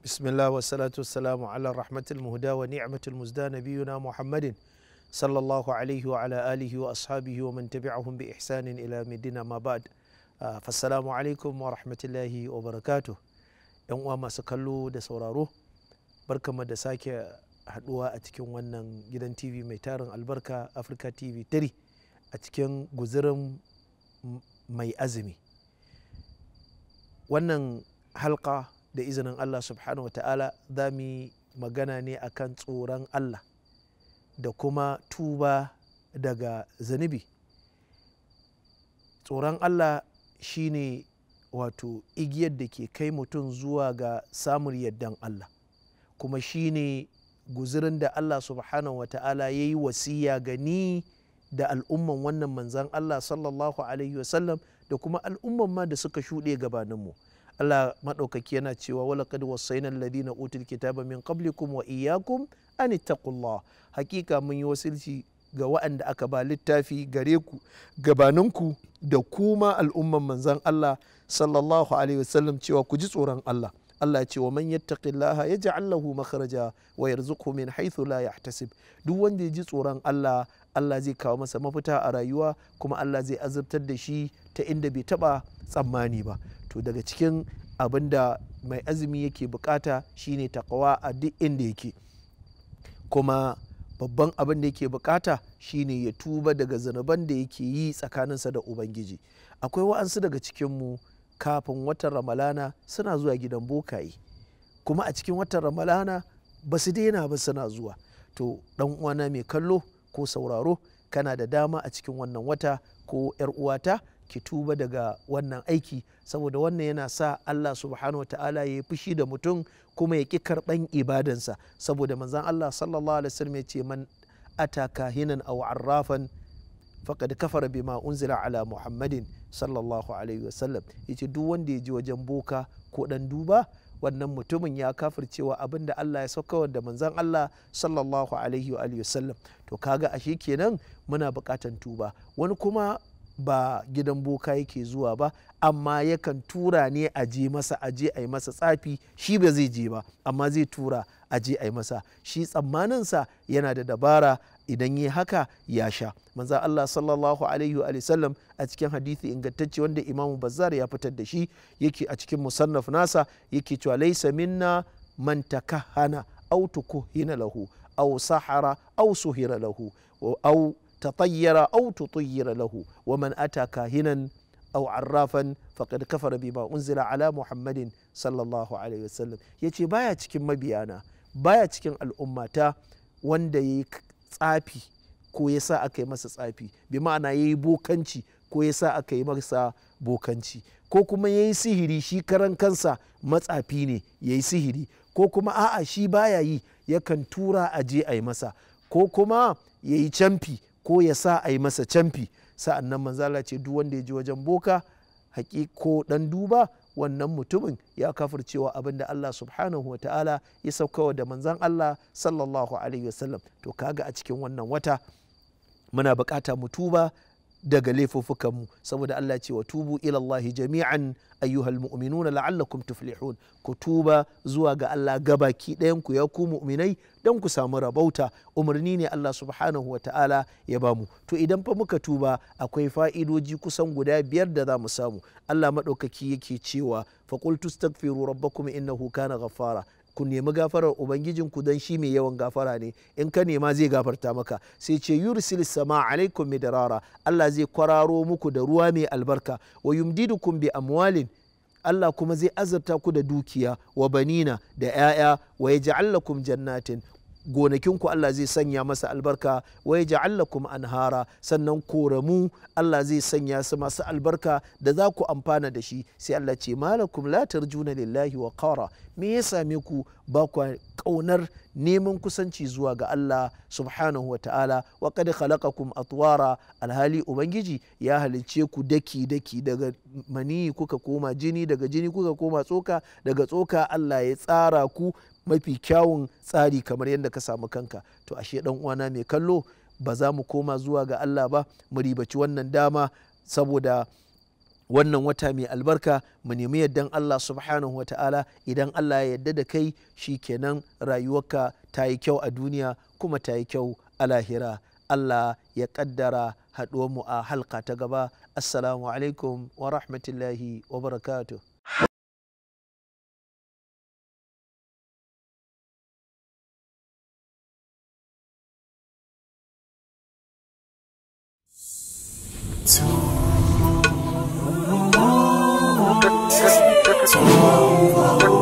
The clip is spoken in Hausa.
بسم الله والصلاة والسلام على الرحمة المهدى ونعمة المزدى نبينا محمد صلى الله عليه وعلى آله وأصحابه ومن تبعهم بإحسان إلى مدينة ما بعد فالسلام عليكم ورحمة الله وبركاته ‘yan uwa masu kallo da sauraro barkama da sake haduwa a cikin wannan gidan tv mai tarin albarka africa tv 3 a cikin guzirin mai azumi wannan halka da izinin Allah subhanahu wa ta'ala za mu magana ne akan tsoron Allah da kuma tuba daga zanibi tsoron Allah shine wato igiyar da ke kai mutum zuwa ga samun yardan Allah kuma shine guzirin da Allah subhanahu wa ta'ala ya yi wasiya gani da al'umman wannan manzan Allah sallallahu alaihi wasallam da kuma al'umman ma da suka shuɗe gabaninmu. Allah maɗaukaki yana cewa wala kad wasaina alladhina utul kitaba min qablikum wa iyyakum an ittaqullah hakika mun yi wasilci ga waɗanda aka ba littafi gare ku gabaninku da kuma al'umman manzan Allah sallallahu alaihi wasallam cewa ku ji tsoron Allah Allah ce wa man yattaqillaha yaj'al lahu makhraja wa yarzuqhu min haythu la yahtasib duk wanda ya ji tsoron Allah Allah zai kawo masa mafita a rayuwa kuma Allah zai azabtar da shi ta inda bai taba tsammani ba to daga cikin abin da mai azumi yake bukata shine takawa a duk inda yake kuma babban abin da yake bukata shine ya tuba daga zanaban da yake yi tsakaninsa da ubangiji akwai wa'ansu daga cikinmu kafin watan ramalana suna zuwa gidan bokaye kuma a cikin watan ramalana ba su daina ba suna zuwa to dan uwana mai kallo ko sauraro kana da dama a cikin wannan wata ko 'yar uwata ki tuba daga wannan aiki saboda wannan yana sa Allah subhanahu ta'ala ya fushi da mutum kuma ya ki karɓan ibadansa saboda manzan Allah sallallahu alaihi wasallam ya ce man ata kahinan aw arrafan faqad kafara bima unzila ala muhammadin sallallahu alaihi wasallam yace duk wanda ya je wajen boka ko dan duba wannan mutumin ya kafircewa abin da Allah ya sauka da manzan Allah sallallahu alaihi wa sallam to kaga ashe kenan muna buƙatan tuba wani kuma ba gidan boka yake zuwa ba amma yakan tura ne a je masa a je a yi masa tsafi shi ba zai je ba amma zai tura a je a yi masa shi tsammaninsa yana da dabara idan yi haka ya sha manza Allah sallallahu alaihi wa sallam a cikin hadithi ingantacce wanda imamu bazzar ya fitar da shi yake a cikin musannaf nasa yake cewa laisa minna man takahana aw tukuhina lahu aw sahara aw suhira lahu aw tatayyara aw tutayyira lahu wa man ata kahinan aw arrafan faqad kafara bima unzila ala muhammadin sallallahu alaihi wasallam yace baya cikin mabiya mabiyana baya cikin al'ummata wanda yayi tsafi ko yasa aka yi masa tsafi bi ma'ana yayi bokanci ko yasa aka yi masa bokanci ko kuma yayi sihiri shi karan kansa matsafi ne yayi sihiri ko kuma a'a shi baya yi yakan tura a je a yi masa ko kuma ya yi camfi ko ya sa a yi masa camfi sa'an nan manzala ce duk wanda ya ji wajen boka haƙi ko ɗan duba wannan mutumin ya kafircewa abin da Allah subhanahu wa ta'ala ya saukawa da manzan Allah sallallahu alaihi wasallam to kaga a cikin wannan wata muna bukata mu tuba daga laifuffukanmu saboda Allah ce wa tubu ilallahi jami'an ayyuhal mu'minun la'allakum tuflihun ku tuba zuwa ga Allah gabaki ɗayan ku ya ku mu'minai dan ku samu rabauta umarni ne Allah subhanahu wata'ala ya bamu to idan fa muka tuba akwai fa'idoji kusan guda biyar da za mu samu Allah maɗaukaki yake cewa faqultu astaghfiru rabbakum innahu kana ghaffara ku nemi gafarar ubangijinku don shi mai yawan gafara ne in ka nema zai gafarta maka sai ce yursil sama alaikum midarara Allah zai kwararo muku da ruwa mai albarka wa yumdidukum bi amwalin Allah kuma zai azurta ku da dukiya wa banina da 'ya'ya wa ya allakum jannatin gonakinku Allah zai sanya masa albarka wa ya ja'allakum anhara sannan koramu Allah zai sanya su masu albarka da za ku amfana da shi sai Allah ce malakum la tarjuna lillahi wa qara me ya same ku ba ku kaunar neman kusanci zuwa ga Allah subhanahu wa ta'ala wa qad khalaqakum atwara alhali ubangiji ya halice ku daki daki daga mani kuka koma jini daga jini kuka koma tsoka daga tsoka Allah ya tsara ku mafi kyawun tsari kamar yadda ka samu kanka to ashe dan uwana mai kallo ba za mu koma zuwa ga Allah ba mu ribaci wannan dama saboda wannan wata mai albarka mu nemi yaddan Allah subhanahu wa ta'ala idan Allah ya yadda da kai shi kenan rayuwarka ta yi kyau a duniya kuma ta yi kyau a lahira Allah ya kaddara mu a halka ta gaba assalamu alaikum wa rahmatullahi wa barakatuh It's over. It's